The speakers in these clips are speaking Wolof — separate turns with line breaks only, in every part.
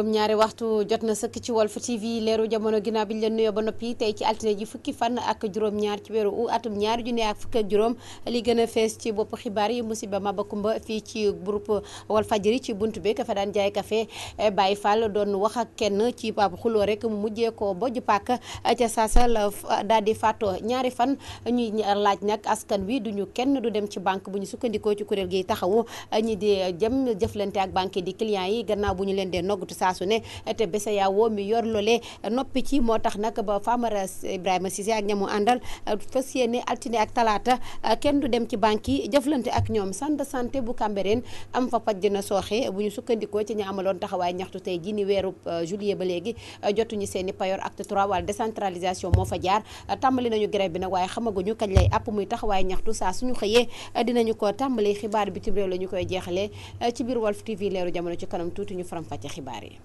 juróom-ñaari waxtu jot na sëkk ci Walf TV leeru jamono ginnaaw bi ñu leen nuyoo ba noppi tey ci altine ji fukki fan ak juróom-ñaar ci weeru u atum ñaari junne ak fukk ak juróom a fees ci bopp xibaar yi musiba Maba Kumba fii ci ci buntu bi ka fa jaay café eh, Baye Fall doon wax ak kenn ci ab xuloo rek mu mujjee ko bojj paak eh, ca saasa la daal di faatoo ñaari fan ñuy laaj nag askan wi duñu kenn du dem ci banque bu ñu sukkandikoo ci kuréel gi taxawu eh, ñi di jëm jëflante ak banque di client yi gannaaw bu ñu leen dee noggatu saa su ne te Bessaya woo mi yor loolee noppi ci moo tax nag ba Famara Ibrahima Cissé ak ñamu àndal fas yéene altine ak talaata kenn du dem ci banque yi jëflante ak ñoom centre de santé bu Cambérène am fa faj dina sooxe bu ñu sukkandikoo ci ñu amaloon taxawaay ñaxtu tey jii ni weeru euh, juillet ba léegi jotuñu seen i payoor acte 3 wala décentralisation moo fa jaar tàmbali nañu grève bi nag waaye xamaguñu kañ lay àpp muy taxawaay ñaxtu saa suñu xëyee dinañu ko tàmbali xibaar bitim réew la ñu koy jeexalee ci biir Walf TV leeru jamono ci kanam tuuti ñu faram xibaar yi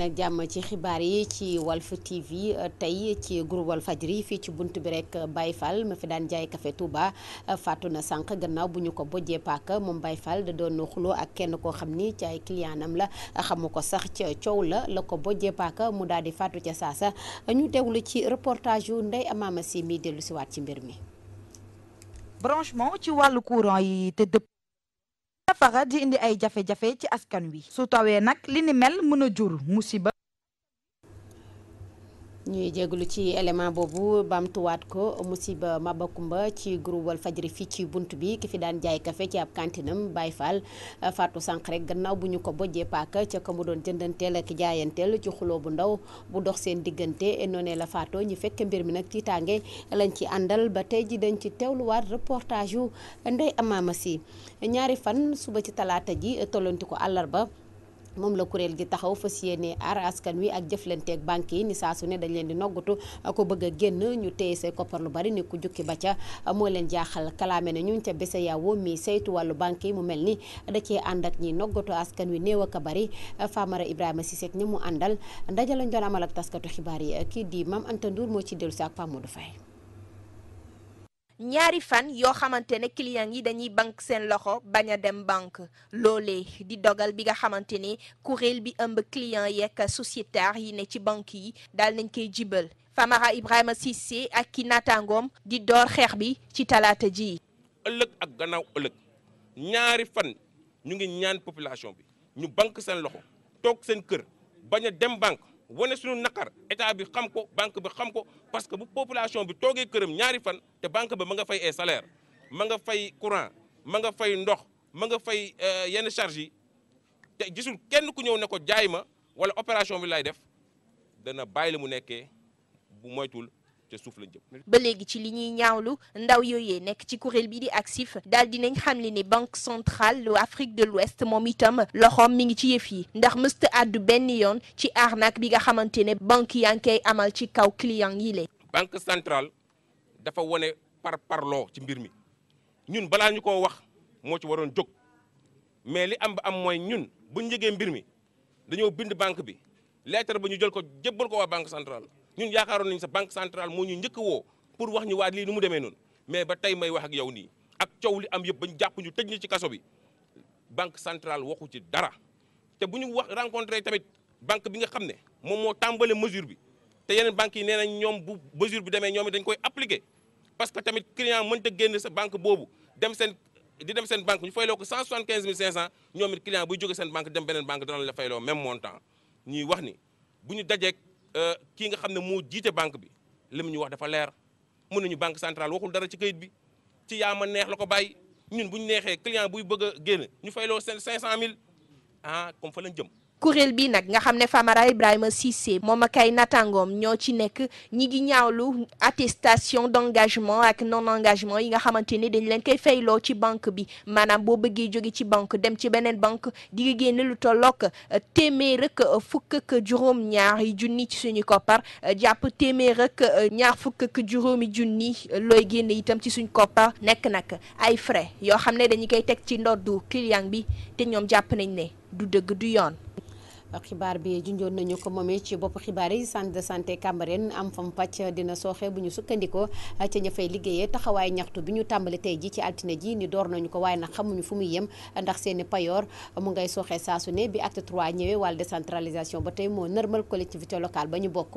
nag jàmm ci xibaar yi ci Walf TV euh, tey ci groupe Walfadjri fii ci bunt bi rek euh, Baye Fall ma fi daan jaay kafe Touba euh, faatu na sànq gannaaw bu ñu ko bojjee paaka moom Baye Fall da doon xuloo ak kenn koo xam ni ci ay client am la xamu ko sax ca coow la la ko bojjee paaka mu daal di faatu ca saasa ñu déglu ci reportage yu Ndeye Amama
Si mi dellu siwaat ci mbir mi branchement ci wàllu courant yi te dëpp safara di indi ay jafe-jafe ci askan wi su tawee nag li ni mel mën a jur musiba
ñuy jégalu ci élément boobu baamtuwaat ko musiba Maba Kumba ci groupe Walfadjri fii ci bunt bi ki fi daan jaay kafe ci ab kantinam Baye Fall Fatou sànq gannaaw bu ñu ko bojjee paaka ca ka mu doon jëndanteel ak jaayanteel ci xuloo bu ndaw bu dox seen diggante noonee la faatoo ñu fekk mbir mi nag tiitaange lañ ci àndal ba tey ji dañ ci teewluwaat reportage yu ndey amaama ñaari fan suba ci talaata ji tollanti ko àllarba moom la kuréel gi taxaw fas yéene aar askan wi ak jëflanteeg banque yi ni saa su ne dañ leen di noggatu ko bëgg a génn ñu téye say koppar lu bari ni ku jukki ba ca moo leen jaaxal kalaame ne ñun ca bese yawo mi saytu wàllu banque yi mu mel ni da cee ànd ak ñi noggatu askan wi néew ak a bari Famara Ibrahima si ak ñi mu àndal ndaje lañ doon amal ak taskatu xibaar yi kii di Mame Anta nduur moo ci dellusi ak pamu Modou Faye
ñaari fan yoo xamante ne client yi dañuy banque seen loxo bañ a dem bank loole di dogal bi nga xamante ne kuréel bi ëmb client yeeg sociétaire yi ne ci banque yi daal nañ koy jibal Famara Ibrahima Cissé ak ki naataangoom di door xeex bi ci talaata ji.
ëllëg ak gannaaw ëllëg ñaari fan ñu ngi ñaan population bi ñu bank seen loxo toog seen kër bañ a dem bank wane suñu naqar état bi xam ko banque bi xam ko parce que bu population bi toogee këram ñaari fan te banque ba ma nga fay ay salaire ma nga fay courant ma nga fay ndox ma nga fay euh, yenn charge te gisul kenn ku ñëw ne ko jaay ma wala opération bi lay def dana bàyyi la mu nekkee bu moytul ca suuf
lañ jëm. ba léegi ci li ñuy ñaawlu ndaw yooyee nekk ci kuréel bi di actif daal dinañ xamle ni banque centrale lu Afrique de l'Ouest moom itam loxoom mi ngi ci yëf yi ndax mësta àddu benn yoon ci arnaque bi nga xamante ne banque yaa ngi amal ci kaw client yi la.
banque centrale dafa wane par parloo ci mbir mi ñun balaa ñu ko wax moo ci waroon jóg mais li am ba am mooy ñun bu ñu yëgee mbir mi dañoo bind banque bi lettre ba ñu jël ko jébbal ko banque centrale. ñun yaakaaroon nañu sa banque centrale moo ñu njëkk woo pour wax ñu waa lii nu mu demee noonu mais ba tey may wax ak yow nii ak coow li am yëpp bañ jàpp ñu tëj ñu ci kaso bi banque centrale waxu ci dara te bu ñu wax rencontré tamit banque bi nga xam ne moom moo tàmbale mesure bi te yeneen banques yi nee nañ ñoom bu mesure bi demee ñoom it dañ koy appliqué parce que tamit client mënta génn sa banque boobu dem seen di dem seen banque ñu fayloo ko 175 500 ñoom it client buy jóge seen banque dem beneen banque danañ la fayloo même montant ni bu ñu dajeek Euh, kii nga xam ne moo jiite banque bi li mu ñu wax dafa leer mun nañu banque centrale waxul dara ci kayit bi ci yaa ma neex la ko bàyyi ñun bu ñu neexee client buy bëgg a génn ñu cinq cent mille ah comme fa lañ jëm.
kuréel bi nag nga xam ne Famara Ibrahima Cissé moom ak ay natangoom ñoo ci nekk ñi ngi ñaawlu attestation d'engagement ak non engagement yi nga xamante ni dañ leen koy fayloo ci banque bi maanaam boo bëggee jóge ci banque dem ci beneen banque di nga génne lu tollook euh, téeméer ak euh, fukk ak juróom-ñaar yi junni ci suñu koppar euh, jàpp téeméer ak ñaar fukk ak juróomi junni looy génne itam ci suñu koppar nekk nag ay frais yoo xam ne dañu
koy teg ci ndoddu client bi te ñoom jàpp nañ ne du dëgg du yoon. xibaar bi junjoon nañu ko moomee ci bopp xibaar yi centre de santé Cambérène am fam pàcc dina sooxe bu ñu sukkandikoo ca ña fay liggéeyee taxawaay ñaxtu bi ñu tàmbali tey ji ci altine ji ni door nañu ko waaye nag xamuñu fu muy yem ndax seeni payoor mu ngay sooxee saasu ne bi acte 3 ñëwee wàllu décentralisation ba tey moo normal collectivité locale ba ñu bokk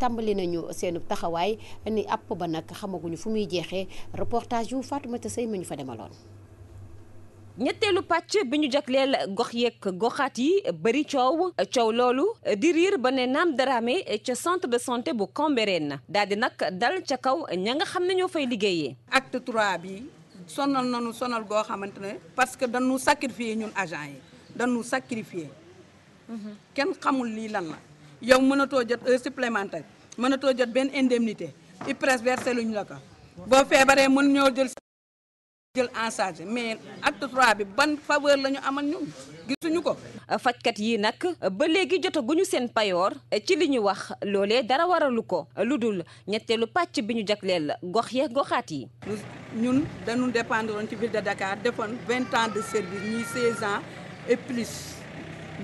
tàmbali nañu seenu taxawaay ni app ba nag xamaguñu fu muy jeexee reportage yu Fatoumata Sey ma ñu fa demaloon
ñetteelu pàcc bi ñu jagleel gox yeeg goxaat yi bëri coow coow loolu di riir ba ne naam daraame ca centre de santé bu Cambérène daal di nag dal
ca kaw ña nga xam ne ñoo fay liggéeyee. acte trois bi sonal nanu sonal goo xamante ne parce que dañu sacrifier ñun agent yi dañu sacrifier kenn xamul lii lan la yow mënatoo jot heure supplémentaire mënatoo jot benn indemnité IPRES versé luñ la ko boo feebaree mën ñoo jël jël en charge mais acte trois bi ban faveur la ñu amal ñun gisuñu ko. fajkat yi nag ba léegi
jotaguñu seen payoor ci li ñuy wax loolee dara waralu ko lu dul ñetteelu pàcc
bi ñu jagleel gox ya goxaat yi. ñun dañu dépendre ci ville de Dakar defoon vingt ans de service ñii seize ans et plus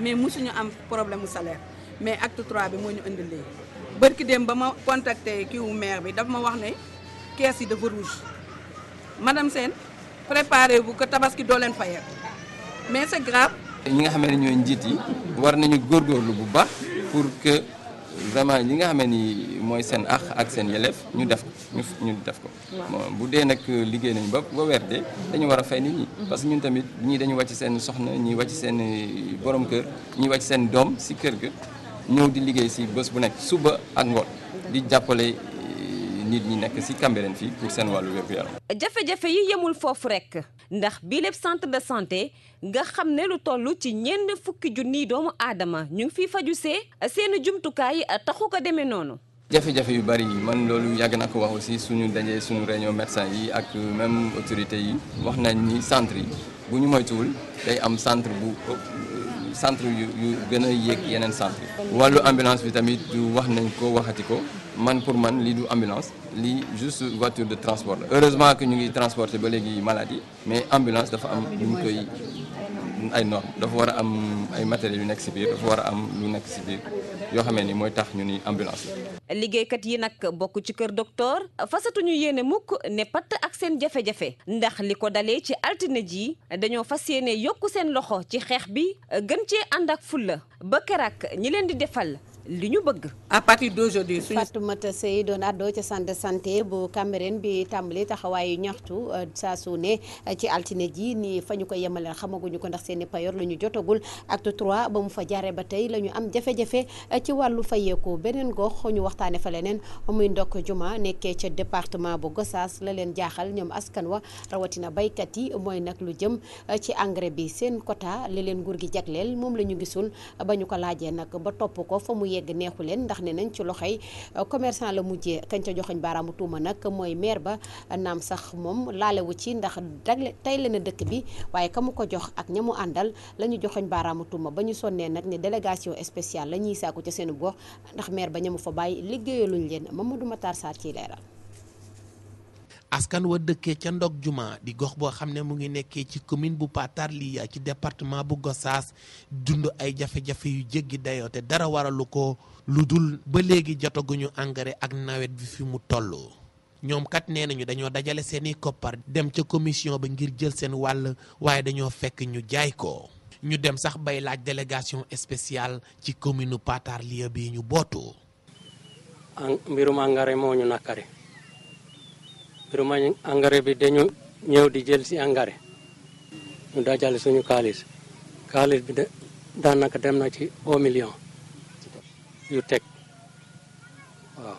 mais mosuñu am problème mu salaire mais acte trois bi moo ñu indi léegi. bërki dem ba ma contacté kii wu maire bi daf ma wax ne kees yi dafa rouge madame Sène préparez vous que tabaski doo leen fayal mais c'est grave.
ñi nga xam ne ñooy njiit yi war nañu góor góorlu bu baax pour que vraiment ñi nga xame ni mooy seen ax ak seen yelleef ñu def ko ñu def ko. bu dee nag liggéey nañu ba ba weer dee dañu war a fay nit ñi. Mm-hmm. parce que ñun tamit ñii dañu wàcc seen soxna ñii wàcc seen borom kër ñii wàcc seen doom si kër gi ñëw di liggéey si bés bu nekk suba ak ngoon di jàppale. nit ñi nekk ci Cambérène fii pour seen wàllu wér gu yaram
jafe-jafe yi yemul foofu rekk ndax bii lépp centre de santé nga xam ne lu toll ci ñenn fukki junniy doomu aadama ñu ngi fiy faju see seen jumtukaay a taxu ko demee noonu.
jafe-jafe yu bari yi man loolu yàgg na ko wax aussi suñu dajee suñu réunion médecin yi ak même autorité yi wax nañ ni centre yi bu ñu moytuwul day am centre bu. centre yu yu gën a yéeg yeneen centre yi wàllu ambulance bi tamit du wax nañ ko waxati ko man pour man lii du ambulance lii juste voiture de transport la heureusement que ñu ngi transporter ba léegi maladie mais ambulance dafa am lu ñu koy ay normes dafa war a am ay matériel yu nekk biir dafa war a am lu nekk biir yoo xamee ni mooy tax ñu ni ambulance
liggéeykat yi nag bokk ci kër docteur fasatuñu yéene mukk ne patt ak seen jafe-jafe ndax li ko dalee ci altine ji dañoo fas yéene yokk seen loxo ci xeex bi gën cee ànd ak fulla ba kerak ñi leen di defal. li ñu bëgg. à partir d'aujourd'hui suñu.
Fatoumata Seye doon àddoo ca centre de santé bu Cambérène bi tàmbali taxawaayu ñaxtu euh, saa su ne euh, ci altine ji nii fa ñu ko yemaleen xamaguñu ko ndax seeni payoor la ñu jotagul at trois ba mu fa jaaree ba tey la ñu am jafe-jafe euh, ci wàllu fayeeku beneen gox ñu waxtaane fa leneen muy ndokk juma nekkee ca département bu Gossas la leen jaaxal ñoom askan wa rawatina baykat yi mooy nag lu jëm ci engrais bi seen quota li leen nguur gi jagleel moom la ñu gisul ba yegg neexu leen ndax ne nañ ci loxoy euh, commerçant la mujje kañ ca joxoñ baaraamu tuuma nag mooy maire ba naam sax moom laalewu ci ndax dagle tey la dëkk bi waaye ka mu ko jox ak ña mu àndal la ñu joxoñ baaraamu tuuma ba ñu sonnee nag ne délégation spéciale la ñuy saaku ca seenu gox ndax maire ba ñamu fa bàyyi liggéeyaluñ leen Mamadou Matar Sarr ci leeral
askan wa dëkkee ca ndog juma di gox boo xam ne mu ngi nekkee ci commune bu Patarliya ci département bu gosaas dund ay jafe-jafe yu jéggi dayoo te dara waralu ko lu dul ba léegi jotaguñu engrais ak nawet bi fi mu toll. ñoom kat nee nañu dañoo dajale seeni koppar dem ca commission ba ngir jël seen wàll waaye dañoo fekk ñu jaay ko. ñu dem sax bay laaj délégation spéciale ci commune Patarliya bii ñu bootoo.
mbirum engrais moo ñu nakari mbirum engrais bi dañu ñëw di jël si engrais ñu dajale suñu kaalis kaalis bi de daanaka dem na ci au million yu teg waaw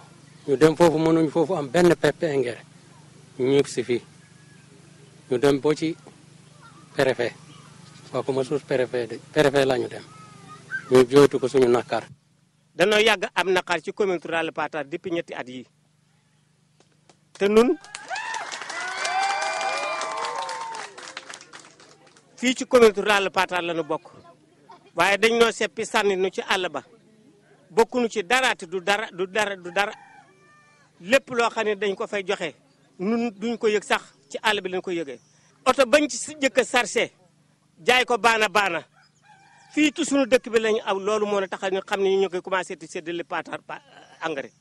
ñu dem foofu mënuñ foofu am benn pepp si fii ñu dem boo ci préfet waa ko ma suus préfet de préfet la ñu dem ñu jooytu ko suñu nakar danoo yàgg am naqar ci commune rurale Patar depuis ñetti at yi te nun fii ci commune rurale Patar la nu bokk waaye dañ noo seppi sànni nu ci àll ba bokkuñu ci daraat du dara du dara du dara lépp loo xam ne dañ ko fay joxe nun duñ ko yëg sax ci àll bi lañ ko yëgee. oto bañ ci jëkk a sarse jaay ko baana baana fii ci sunu dëkk bi lañ aw loolu moo tax ñu xam ne ñu koy commencé di séddale Patar engrais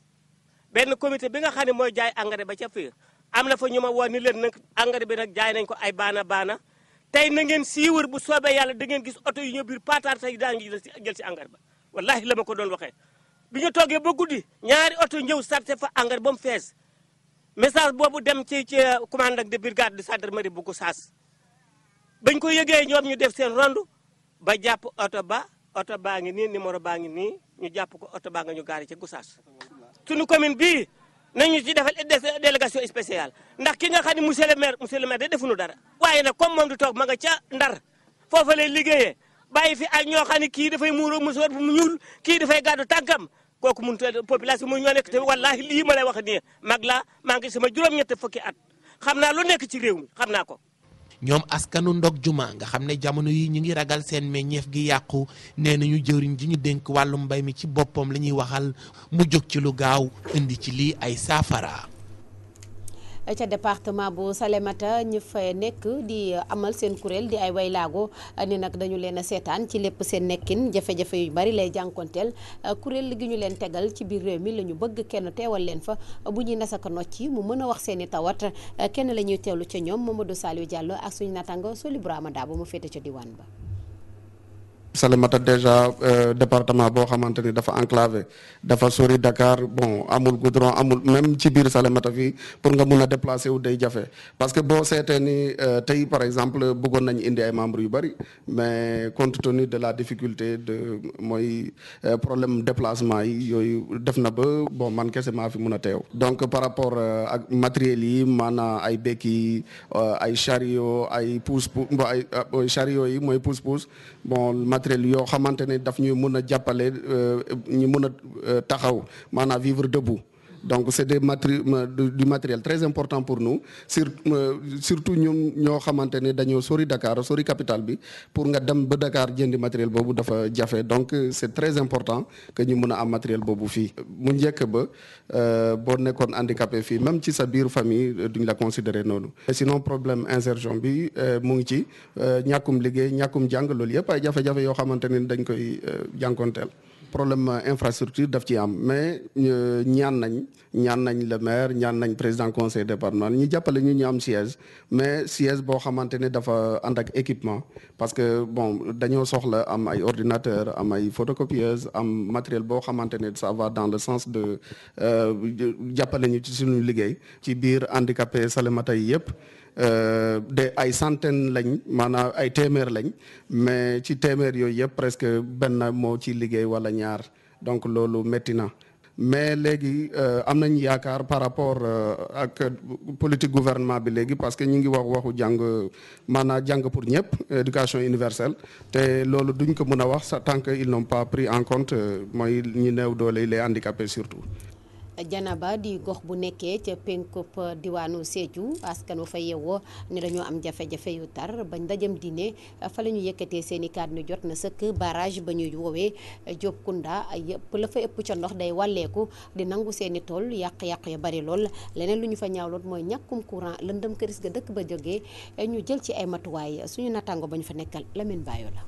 benn comité bi nga xam ne mooy jaay engrais ba ca fii am na fa ñu ma woo ni leen nag engrais bi nag jaay nañ ko ay baana baana. tey na ngeen siiwar bu soobee yàlla da ngeen gis oto yu ñëw biir paataar tey daa jël si engrais ba wallahi la ma ko doon waxee bi ñu toogee ba guddi ñaari oto ñëw sarte fa engrais ba mu fees message boobu dem ci ci commandant de brigade de gendarmerie bu ko saas bañ koy yëgee ñoom ñu def seen rondu ba jàpp oto ba oto baa ngi nii numéro baa ngi nii ñu jàpp ko oto baa nga ñu gaari ci Gossas sunu commune bii nañu ci defal délégation spéciale ndax ki nga xam ne monsieur le maire monsieur le maire de defuñu dara waaye na comme moom du toog ma nga ca ndar foofa lay liggéeyee bàyyi fi ak ñoo xam ne kii dafay muuroo musoor bu mu ñuul kii dafay gàddu tànkam kooku mun population mu ñoo nekk te wallaahi lii ma lay wax nii mag laa maa ngi sama juróom-ñett at xam naa lu nekk ci réew mi xam naa ko
ñoom askanu ndog jumaa nga xam ne jamono yi ñu ngi ragal seen meññeef gi yàqu nee ñu jëwriñ ji ñu dénk wàllu mbay mi ci boppam la ñuy waxal mu jóg ci lu gaaw indi ci lii ay saafara
ca département bu Salémata ñi fa nekk di amal seen kuréel di ay way waylaago ni nag dañu leen a seetaan ci lépp seen nekkin jafe-jafe yu bari lay jànkonteel kuréel gi ñu leen tegal ci biir réew mi la ñu bëgg kenn teewal leen fa bu ñuy nasaka nocc mu mën a wax seen i tawat kenn la ñuy teewlu ca ñoom Mamadou Saliou Diallo ak suñu natango Soli Brahima Dabo mu féete ca diwaan ba
Salémata déjà euh, département boo xamante ni dafa enclavé dafa sori Dakar bon amul goudron amul même ci biir Salémata fii pour nga mun a déplacer wu day jafe parce que boo seetee ni euh, tey par exemple bëggoon nañ indi ay membres yu bëri mais compte tenu de la difficulté de mooy euh, problème déplacement yi yooyu def na ba bon man kese maa fi mun a teew. donc par rapport ak matériels yi maanaam ay béquilles ay chariot ay pousse pousse ay chariot yi mooy pousse pousse bon. matériel yoo xamante ne daf ñuy mun a jàppale euh, ñu mun a euh, taxaw maanaam vivre debout donc c' est des matri du matériel très important pour nous sur surtout ñun ñoo xamante ne dañoo sori dakaar sori capital bi pour nga dem ba dakaar jëndi matériel boobu dafa jafe donc c' est très important que ñu mën a am matériel boobu fii. mu njëkk ba euh, boo nekkoon handicapé fii même ci sa biir famille euh, duñ la considérer noonu. sinon problème insertion bi euh, mu ngi ci ñàkkum liggéey ñàkkum jàng loolu yëpp ay jafe-jafe yoo xamante ne dañ koy jànkoonteel. problème euh, infrastructure daf ci am mais euh, ñaan nañ ñaan nañ le maire ñaan nañ président conseil départemental ñu jàppale ñu ñu am siège mais siège boo xamante ne dafa ànd ak équipement parce que bon dañoo soxla am ay ordinateur am ay photocopieuse am matériel boo xamante ne ça va dans le sens de euh, jàppale ñu ci suñu liggéey ci biir handicapé Salémata yi yëpp Euh, de ay centaines lañ maanaam ay téeméer lañ mais ci téeméer yooyu yëpp presque benn moo ci liggéey wala ñaar donc loolu métti na mais léegi euh, am nañ yaakaar par rapport euh, ak politique gouvernement bi léegi parce que ñu ngi wax waxu jàng maanaam jàng pour ñëpp éducation universelle te loolu duñ ko mën a wax sa que ils n'ont pas pris en compte mooy ñi néew doole les handicapés surtout
Janaba di gox bu nekkee ca penkub diwaanu Sédhiou askan wa fa yeewoo ne dañoo am jafe-jafe yu tar ba ndajam diine fa la ñu yëkkatee seeni i kàddu jot na sëkk barrage ba ñuy woowee Diop Kounda yëpp la fa ëpp ca ndox day wàlleeku di nangu seeni i tool yàq-yàq ya bari lool leneen lu ñu fa ñaawloon mooy ñàkkum courant lëndëm këris ga dëkk ba jógee ñu jël ci ay matuwaay suñu natango ba ñu fa nekkal Lamine Bayo la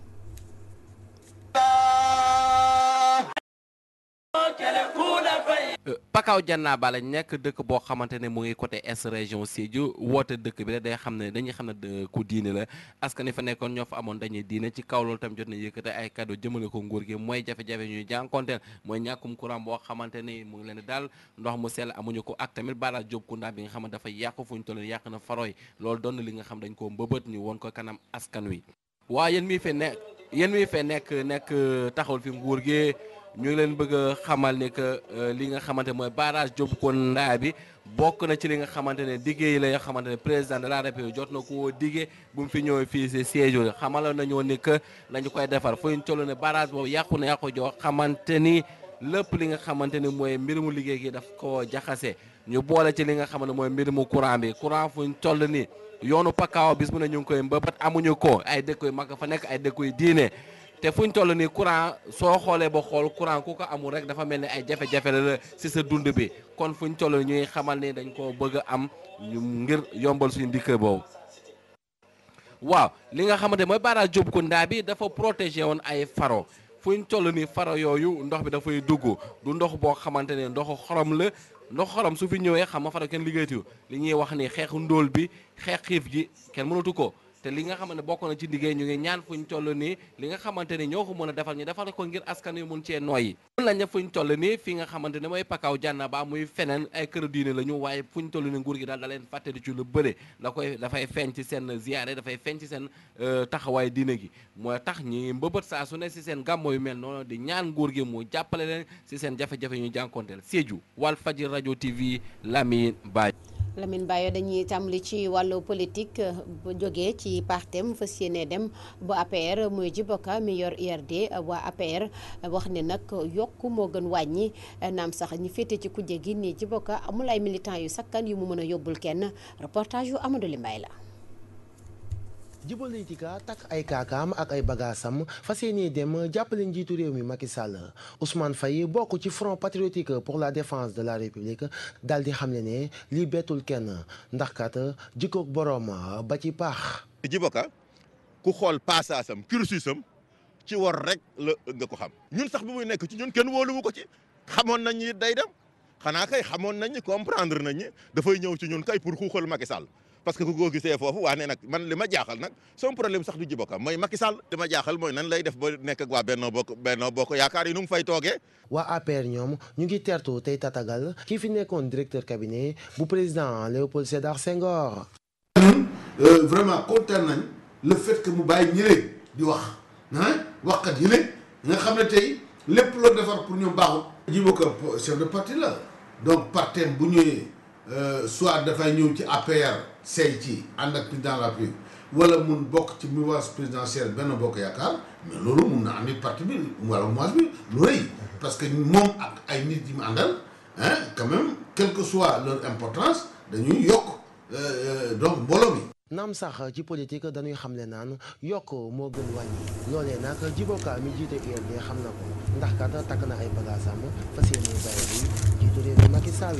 Pakao Dianaba lañ nekk dëkk boo xamante ne mu ngi côté est région Sédhiou woote dëkk bi la day xam ne dañuy xam ne euh, ku diine la askan wi fa nekkoon ñoo fa amoon dañuy diine ci kaw loolu tam jot na yëkkate ay cadeau jëmale ko nguur gi mooy jafe-jafe ñuy jànkonteel mooy ñàkkum courant boo xamante ni mu ngi leen daal ndox mu sell amuñu ko ak tamit baala jóob kundaa bi nga xam ne dafa yàqu fu ñu toll yàq na faroy loolu doon na li nga xam dañ ko mbëbët ñu woon ko kanam askan wi waa yéen mi fe nekk yéen mi fe nekk nekk ñu ngi leen bëgg a xamal ni que euh, li nga xamante mooy barrage Diop Kounda ndaa bi bokk na ci li nga xamante ne diggé yi la yoo xamante ne président de la république jot na koo diggéey bu mu fi ñëwee fii si siège yi xamaloon nañoo ni que lañu koy defar fu ñu toll ne barrage boobu yàqu na yàqu joo xamante ni lépp li nga xamante ni mooy mbir mu liggéey gi daf ko jaxase ñu boole ci li nga xamante mooy mbir mu courant bi courant fu ñu toll ni yoonu pakaaw bis bu ne ñu ngi koy mbëbët amuñu ko ay dëkk yu mag fa nekk ay dëkk yu diine te fu ñu toll nii courant soo xoolee ba xool courant ku ko amul rek dafa mel ni ay jafe-jafe la ci sa dund bi kon fu ñu toll ñuy xamal ni dañ koo bëgg a am ngir yombal suñu dikk boobu. waaw li nga xamante mooy barrage Diobkounda bi dafa protégé woon ay faro fu ñu toll nii faro yooyu ndox bi dafay dugg du ndox boo xamante ne ndoxu xorom la. ndox xorom su fi ñëwee xam nga faro kenn liggéeyatu li ñuy wax ni xeexu ndóol bi xeex xiif gi kenn mënatu ko. te li nga xamante ne bokk na ci liggéey ñu ngi ñaan fuñ ñu nii li nga xamante ñoo ko mën a defal ñu defal ko ngir askan yu mun cee nooyi mun lañ ne fu ñu toll nii fii nga xamante ne mooy pakaaw jànna ba muy feneen ay kër diine la ñu waaye fu ñu toll nii nguur gi daal da leen fàtte di ci lu bëre da koy dafay feeñ ci seen ziyaare dafay feeñ ci seen euh, taxawaay diine gi mooy tax ñi mbëbët saa su ne si seen gàmmo yu mel noonu di ñaan nguur gi mu jàppale leen si seen jafe ñu jànkonteel Sédhiou Walf Fadjri rajo TV Lamine Badji
Lamine Bayo dañuy li ci wàllu politique bu jógee ci partem fas yéene dem bu APR mooy Djibo Ka mi yor URD waa APR wax ne nag yokk moo gën wàññi naam sax ñi féete ci kujje gi nii Djibo Ka amul ay militants yu sakkan yu mu mën a yóbbul kenn reportage yu Amadou Limbaye la.
jubal nañ tika takk ay kaakaam ak ay bagaasam fas yéenee dem jàppale njiitu réew mi Macky Sall Ousmane Faye bokk ci front patriotique pour la défense de la République daal di xam ne lii bettul kenn ndax kat jikkoog boroom ba ci paax.
jiboka ku xool paasaasam cursusam ci war rek la nga ko xam ñun sax bi muy nekk ci ñun kenn wóoluwu ko ci xamoon nañ ni day dem xanaa kay xamoon nañ ni comprendre nañ dafay ñëw ci ñun kay pour xuuxal Macky Sall. parce que ku ko gisee foofu waa ne nag man li ma jaaxal nag sama problème sax du Djibo Ka mooy Macky Sall li ma jaaxal mooy nan lay def ba nekk ak waa Benno Bokk Benno Bokk Yaakaar yi nu mu fay toogee.
waa APR ñoom ñu ngi tertu tey tatagal kii fi nekkoon directeur cabinet bu président Léopold Sédar Senghor.
Euh, vraiment kontaan nañ le fait que mu bàyyi ñële di wax ah lépp loo la donc partenaire bu Euh, soit dafay ñëw ci APR say ci ànd ak président la République wala mun bokk ci mouvance présidentielle benn bokk yaakaar mais loolu mun na am nit parti bi wala mouvance bi lu rëy parce que moom ak ay nit yu mu àndal hein quand même quelle que soit leur importance
dañuy yokk euh, euh, donc mbooloo mi naam sax ci politique dañuy xamle naan yokk moo gën wàññi loolee nag jiboka mi jiite URD xam na ko ndax kat takk na ay bagaasam fas yéene bàyyi bi jiitu réew mi Macky Sall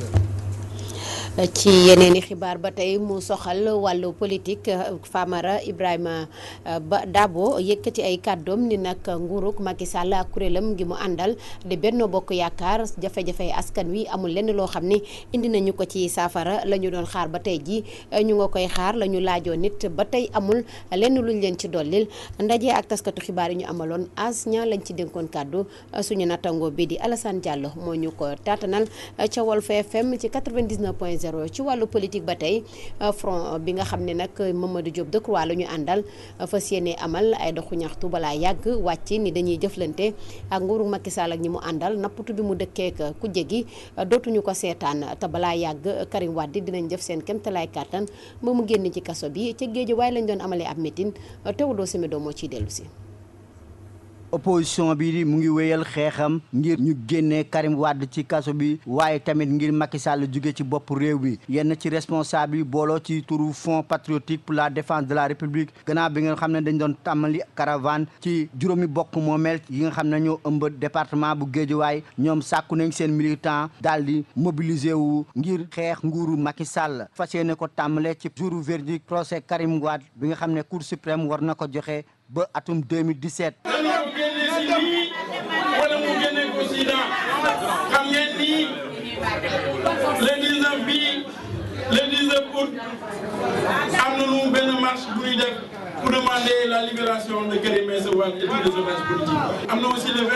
ci yeneen i xibaar ba tey mu soxal wàllu politique Famara Ibrahima eh, ba Dabo yëkkati ay kàddoom ni nag nguurug Macky Sall ak kuréelam ngi mu àndal di Benno Bokk Yaakaar jafe-jafe askan wi amul lenn loo xam ni indi nañu ko ci saafara la ñu doon xaar ba tey jii eh, ñu nga koy xaar la ñu laajoon nit ba tey amul lenn luñ leen ci dollil ndaje ak taskatu xibaar yi ñu amaloon as ña lañ ci dénkoon kàddu eh, suñu nattango bi di Alassane Diallo moo ñu ko taatanal ca Walf FM ci wàllu politique ba tey euh, front bi nga xam ne nag Mamadou Diop Decroix la ñu àndal euh, fa yéene amal ay doxu ñaxtu balaa yàgg wàcc ni dañuy jëflante ak nguuru Macky Sall ak ñi mu àndal nappatu bi mu dëkkeek ku jegi euh, dootuñu ko seetaan te balaa yàgg Karim Wade dinañ jëf seen kéemtalaay kàttan ba mu génn ci kaso bi ca géej waaye lañ doon amalee ab meeting Théodore Semedo moo ciy dellu si.
opposition bi mu ngi wéyal xeexam ngir ñu génnee Karim Wade ci kaso bi waaye tamit ngir Macky Sall jóge ci bopp réew bi yenn ci responsable booloo ci turu Fonds patriotique pour la défense de la République gannaaw bi nga xam ne dañ doon tàmmali caravane ci juróomi bokk moomeel yi nga xam ne ñoo ëmb département bu waaye ñoom sàkku nañ seen militant daal di mobiliser wu ngir xeex nguuru Macky Sall fas yéene ko tàmmale ci jour verdict procès Karim Wade bi nga xam ne Cour war na ko joxe ba atum 2017.
wala mu génne ko
sida xam ngeen ni le 19 bi le 19 août am nañu benn marche bu ñuy pour demander la libération de Karim Meïssa Wade et tous les am na aussi le 21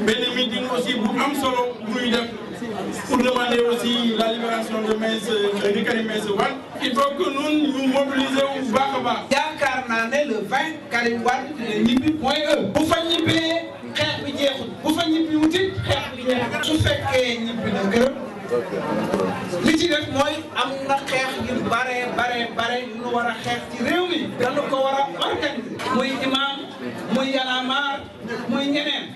benn meeting aussi bu am solo bu ñuy def pour aussi la libération de Meïssa euh, de Karim Meïssa Wade. il faut que ñun ñu mobiliser wu baax a baax. yaakaar naa ne le
20 Karim Wade dina ñibbi mooy heure. bu fa ñibbee xeex bi bu fa ñibbi wutit xeex bi jeexul li ci def mooy am na xeex yu bare bare bare yu ñu xeex ci réew mi dañu ko war a organiser muy imam muy yalamaar muy ñeneen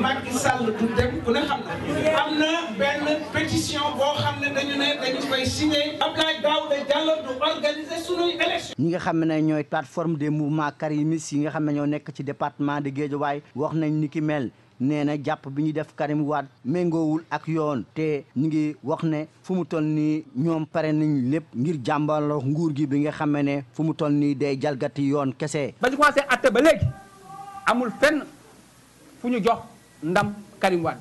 Macky Sall du dem ku ne xam na am na benn pétition boo xam ne dañu ne dañu koy signé Abdoulaye Daouda Diallo du organiser sunuy élection
ñi nga xam ne ñooy plateforme de mouvements karimistes yi nga xam ne ñoo nekk ci département de Guédiawaye wax nañ ni ki mel nee na jàpp bi ñu def Karim Wade méngoowul ak yoon te ñu ngi wax ne fu mu toll nii ñoom pare nañ lépp ngir jàmbaloo nguur gi bi nga xamee ne fu mu toll nii day jalgati yoon kese. ba ñu commencé atte ba léegi amul fenn fu ñu jox ndam
Karim Wade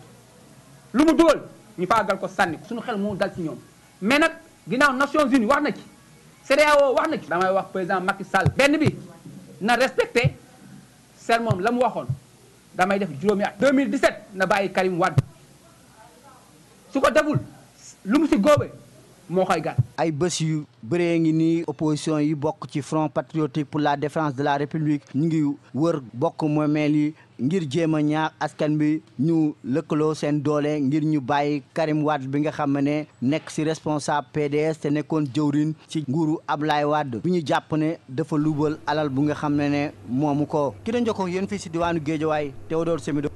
lu mu dugal ñu faagal ko sànni suñu xel moo dal ci ñoom mais nag ginnaaw Nations Unies wax na ci CEDEAO wax na ci. damay wax président Macky Sall benn bi na respecté moom la mu waxoon. damay def juróomi at 2017 na bàyyi
Karim Wade su ko deful lu mu si góobee moo koy gàtt ay bës yu bëree ngi nii opposition yi bokk ci front patriotique pour la défense de la république ñu ngi wër bokk moomeel yi ngir jéem a ñaax askan bi ñu lëkkaloo seen doole ngir ñu bàyyi Karim Wade bi nga xam ne nekk si responsable PDS te nekkoon jëwrin ci nguuru laay Wade bi ñu jàpp ne dafa luubal alal bu nga xam ne ne moomu ko ki da njokko yéen fii ci diwaanu Géejawaay Théodore Semido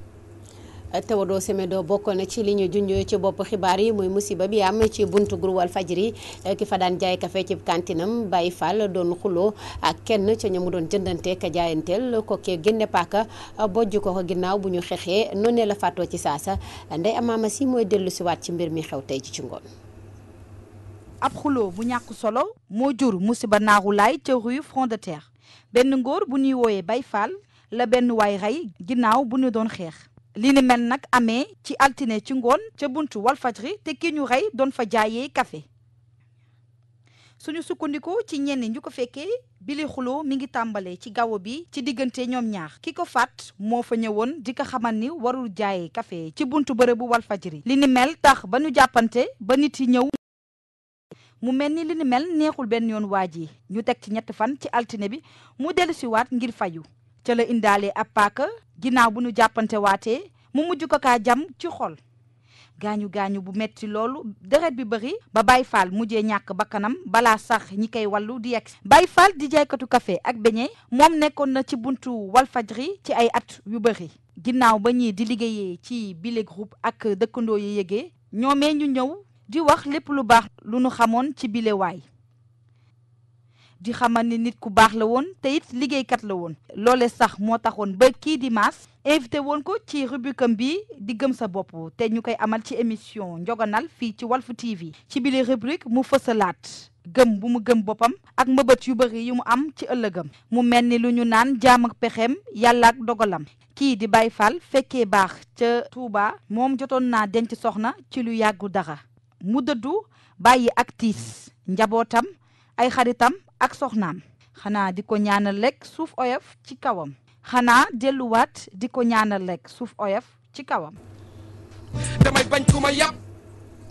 wa Théodore Semedo bokk na ci li ñu junj ci bopp xibaar yi muy musiba bi am ci buntu groupe Walfadjri eh, ki fa daan jaay café ci kantinam Baye Fall doon xuloo ak kenn ca ña mu doon jëndante ka jaayanteel kookee génne paaka eh, bojj ko ko ginnaaw bu ñu xeexee noonee la fàttoo ci saasa ndey amaama si mooy dellu siwaat ci mbir mi xew tey ci ci ngoon
ab xuloo bu ñàkk solo moo jur musiba naaru laay ca rue Front de Terre benn ngóor bu ñuy wooyee bay Fall la benn waay rey ginnaaw bu ñu doon xeex li ni mel nag amee ci altine ci ngoon ca buntu Walfadjri te ki ñu rey doon fa jaayee kafe suñu sukkandiku ci ñenn ñu ko fekkee bili xuloo mi ngi tàmbalee ci gawo bi ci diggante ñoom ñaax ki ko faat moo fa ñëwoon di ko xamal ni warul jaayee kafe ci buntu bërëbu Walfadjri li ni mel tax ba ñu jàppante ba nit yi ñëw mu mel ni li mel neexul benn yoon waa ji ñu teg ci ñetti fan ci altine bi mu dellusiwaat ngir fayu ca la indaale ab paaka ginnaaw bu ñu jàppante waatee mu mujj ko kaa jam ci xool gaañu gaañu bu metti loolu deret bi bëri ba Baye Fall mujjee ñàkk bakkanam balaa sax ñi koy wàllu di yegg Baye Fall di jaaykatu café ak beñe moom nekkoon na ci buntu walfajri ci ay at yu bëri ginnaaw ba ñii di liggéeyee ci bile group ak dëkkandoo yi yëgee ñoomee ñu ñëw di wax lépp lu baax lu nu xamoon ci bile waay di xamal ni nit ku baax la woon te it liggéeykat la woon loole sax moo tax woon ba kii di Mass invité woon ko ci rubrique bi di gëm sa bopp te ñu koy amal ci émission njoganal fii ci Walf TV ci bile rubrique mu fësalaat gëm bu mu gëm boppam ak mbëbët yu bëri yi mu am ci ëllëgam mu mel ni lu ñu naan jaam ak pexeem yàlla ak dogalam kii di Baye fal fekkee baax ca Touba moom jotoon naa ci soxna ci lu yàggu dara mu dëddu bàyyi ak tiis njabootam ay xaritam ak soxnaam xanaa di ko ñaanal lekk suuf oyof ci kawam xanaa delluwaat di ko ñaanal lekk suuf oyof ci kawam damay bañ ku ma yàpp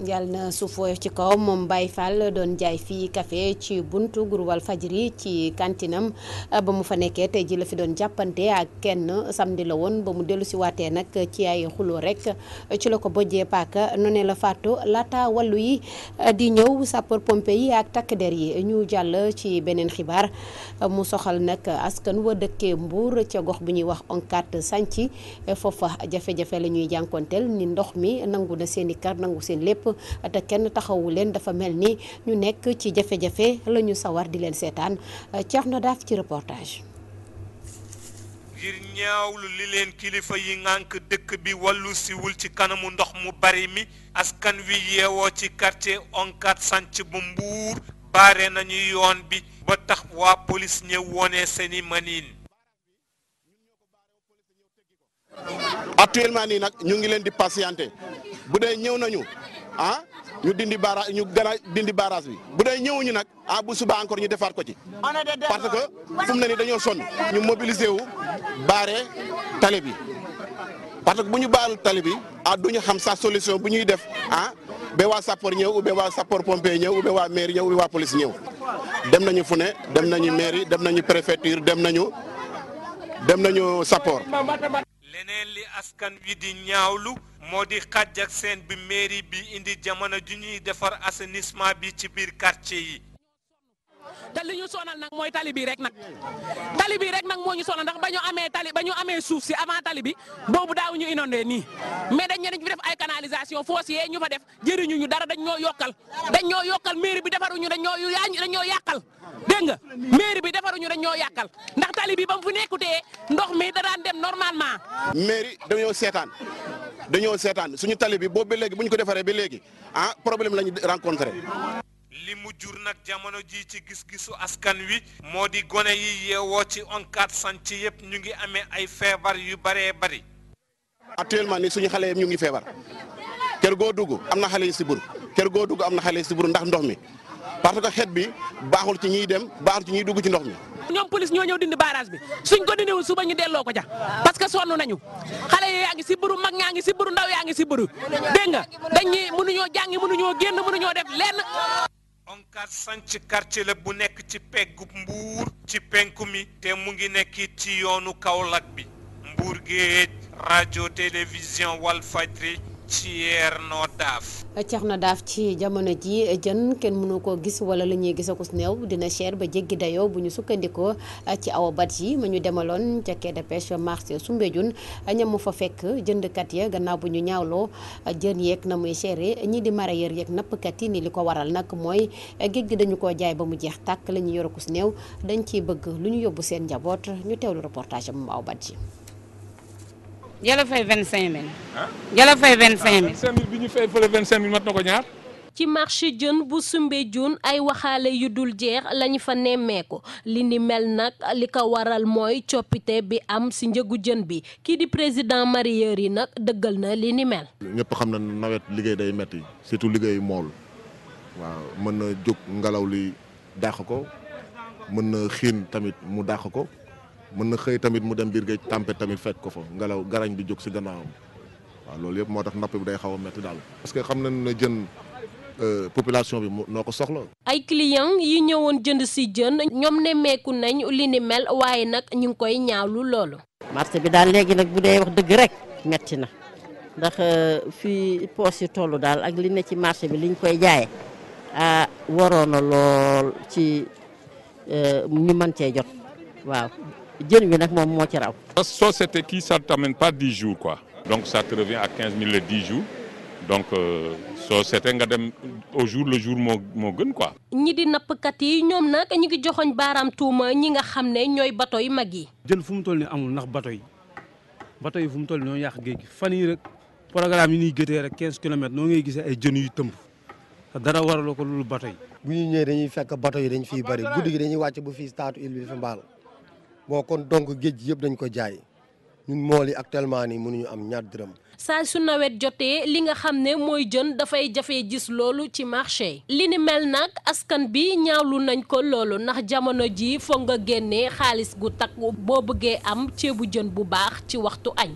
yàlla na suuf ci kaw moom Baye Fall
doon jaay fii café ci buntu groupe Walfadjri ci kantinam ah, ba mu fa nekkee tey ji la fi doon jàppante ak kenn samedi la woon ba mu dellu si waatee nag ci ay xuloo rek ci la ko bojjee paaka nu ne la faatu laata wàllu yi ah, di ñëw sapeur pompe yi ak takk der yi ñu jàll ci beneen xibaar mu soxal nag askan wa dëkkee Mbour ca gox bu ñuy wax onkat sànc foofa jafe-jafe la ñuy jànkonteel ni ndox mi nangu na seen i kar nangu seen lépp yëpp te kenn taxawu leen dafa mel ni ñu nekk ci jafe-jafe la sawar di leen seetaan Thierno Daaf ci reportage.
li leen kilifa yi ngànk dëkk bi wàllu siwul ci kanamu ndox mu bari mi askan wi yeewoo ci quartier onkat sanc bu mbuur baare nañu yoon bi ba tax waa polis ñëw wone seeni maniin
actuellement nii nag ñu ngi leen di patienter bu dee ñëw nañu ah ñu dindi barrage ñu gën dindi barrage bi bu dee ñëwuñu nag ah bu suba encore ñu defaat ko ci
parce que fu mu ni dañoo
sonn ñu mobiliser wu baare tali bi parce que bu ñu baal tali bi ah duñu xam sa solution bu ñuy def ah ba waa sapeur ñëw oubien waa sapeur pompier ñëw oubien waa mairie ñëw oubien waa police ñëw dem nañu fu ne dem nañu mairie dem nañu préfecture dem nañu dem nañu sapeur leneen li
askan wi di ñaawlu moo di xàjj seen bi mairie bi indi jamono ji ñuy defar assainissement bi ci biir
quartier yi. te li ñu sonal nag mooy tali bi rek nag tali bi rek nag moo ñu sonal ndax ba ñu amee tali ba ñu amee suuf si avant tali bi boobu daaw ñu inondé nii mais dañ dañ fi def ay canalisation foos yee ñu fa def jëriñu ñu dara dañ ñoo yokkal dañ ñoo yokkal mairie bi defaruñu dañ ñoo dañ ñoo yàqal. dégg nga mairie bi defaruñu dañoo ñoo yàqal ndax tali bi ba mu fi nekkutee ndox mi da daan dem normalement.
mairie dañoo seetaan dañoo seetaan suñu tali bi boobu ba léegi bu ñu ko defaree ba léegi ah problème lañu rencontré. li mu jur
nag jamono ji ci gis-gisu askan wi moo di gone yi yeewoo ci on sant sanc yëpp ñu ngi amee ay feebar yu baree bari.
actuellement ni suñu xale ñu ngi feebar kër goo dugg am na xale yu sibur kër goo dugg am na xale yu sibur ndax ndox mi. parce que xet bi baaxul ci ñiy dem baaxul ci ñuy dugg ci ndox mi.
ñoom police ñoo ñëw dindi barrage bi suñ ko dindiwul suba ñu delloo ko ja parce que sonn nañu xale yaa ngi si bëru mag ñaa ngi si bëru ndaw yaa ngi si bëru dégg nga dañuy mënuñoo jàngi mënuñoo génn ñoo dem lenn.
ONCAR sanc quartier la bu nekk ci peggu mbuur ci penku mi te mu ngi nekk ci yoonu Kaolack bi mbuur géej rajo télévision Walfadjri Thierno Daaf.
Thierno Daaf ci jamono ji jën kenn mënu koo gis wala la ñuy gisakus néew dina cher ba jéggi dayoo bu ñu sukkandikoo ah, ci aw bat yi ma ñu demaloon ca quai de pêche marché Soumbédioune ah, ñamu fa fekk jëndkat ya gannaaw bu ñu ñaawloo ah, jën yeeg na muy chéré ñi di mareyeur yeeg nappkat yi ni li ko waral nak mooy géej gi dañu ko jaay ba mu jeex tàkk la ñuy yorakus néew dañ ciy bëgg lu ñu yóbbu seen njaboot ñu teewlu reportage mu awa bat yi.
Jalla fay 25000. ah Jalla
fay 25000.
25000 bi ñu fay fële 25000 mat na ko ñaar. ci marché jën bu Soumbédioune
ay waxaale yu dul jeex lañu fa nemmeeku li ni mel nag li ko waral mooy coppite bi am si njëgu jën bi kii di président mareyeur yi nag dëggal na li ni
mel.
ñëpp xam na nawet liggéey day metti surtout liggéeyu mool waaw mën na jóg ngelaw li dàq ko mën na xiin tamit mu dàq ko. mën na xëy tamit mu dem biir géej tàmpe tamit fekk ko fa ngelaw garañ bi jóg si gannaawam waaw loolu yëpp moo tax napp bi xaw a métti daal parce que xam nañ ne jën euh, population bi noo ko soxla.
ay clients yi ñëwoon jënd si jën ñoom nemmeeku nañ li ni mel waaye nag ñu ngi koy ñaawlu loolu.
marché bi daal léegi nag bu dee wax dëgg rek metti na ndax euh, fii poos yi toll daal ak li ne ci marché bi liñ koy jaayee ah na lool ci euh, ñu mën cee jot waaw. jën wi nag moom moo ci raw.
soo seetee kii ça ne t'amène pas 10 jours quoi. donc ça te revient à 15 000 jours donc euh, soo seetee nga dem au jour le jour moo moo gën quoi.
ñi di nappkat yi ñoom nag ñu ngi joxoñ baaraam tuuma ñi nga xam ne ñooy bato yi mag yi.
jën fu mu toll nii amul ndax bato yi bato yi fu mu toll nii ñoo yàq géej fan yii rek programme yi ñuy gëtee rek 15 kilomètres noo ngay gisee ay jën yu tëmb dara waraloo ko loolu bato yi. bu ñu ñëwee dañuy fekk bato yi dañ fiy bëri guddi gi dañuy wàcc bu fii staatu île bon kon donc géej gi yëpp dañ ko jaay ñun mool yi actuellement nii mënuñu am ñaar dërëm.
saa su nawet jotee li nga xam ne mooy jën dafay jafe gis loolu ci marché li ni mel nag askan bi ñaawlu nañ ko loolu ndax jamono ji foog nga génnee xaalis gu takk boo bëggee am ceebu jën bu baax ci waxtu añ.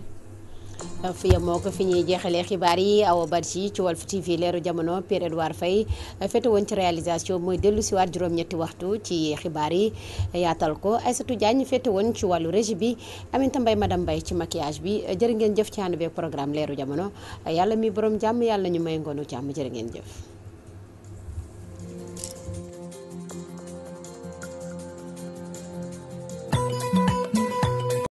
fiya moo ko fi ñuy jeexalee xibaar yi Awa Badji ci Walf TV leeru jamono Pierre Edouard fay fete woon ci réalisation mooy dellu si waat juróom-ñetti waxtu ci xibaar yi yaatal ko ay Aïssatou Diagne fete woon ci wàllu régie bi Aminata ma madame mbay ci maquillage bi jër ngeen jëf ci ànd beeg programme leeru jamono yàlla mi borom jàmm yàlla ñu may ngoonu jàmm jërë ngeen jëf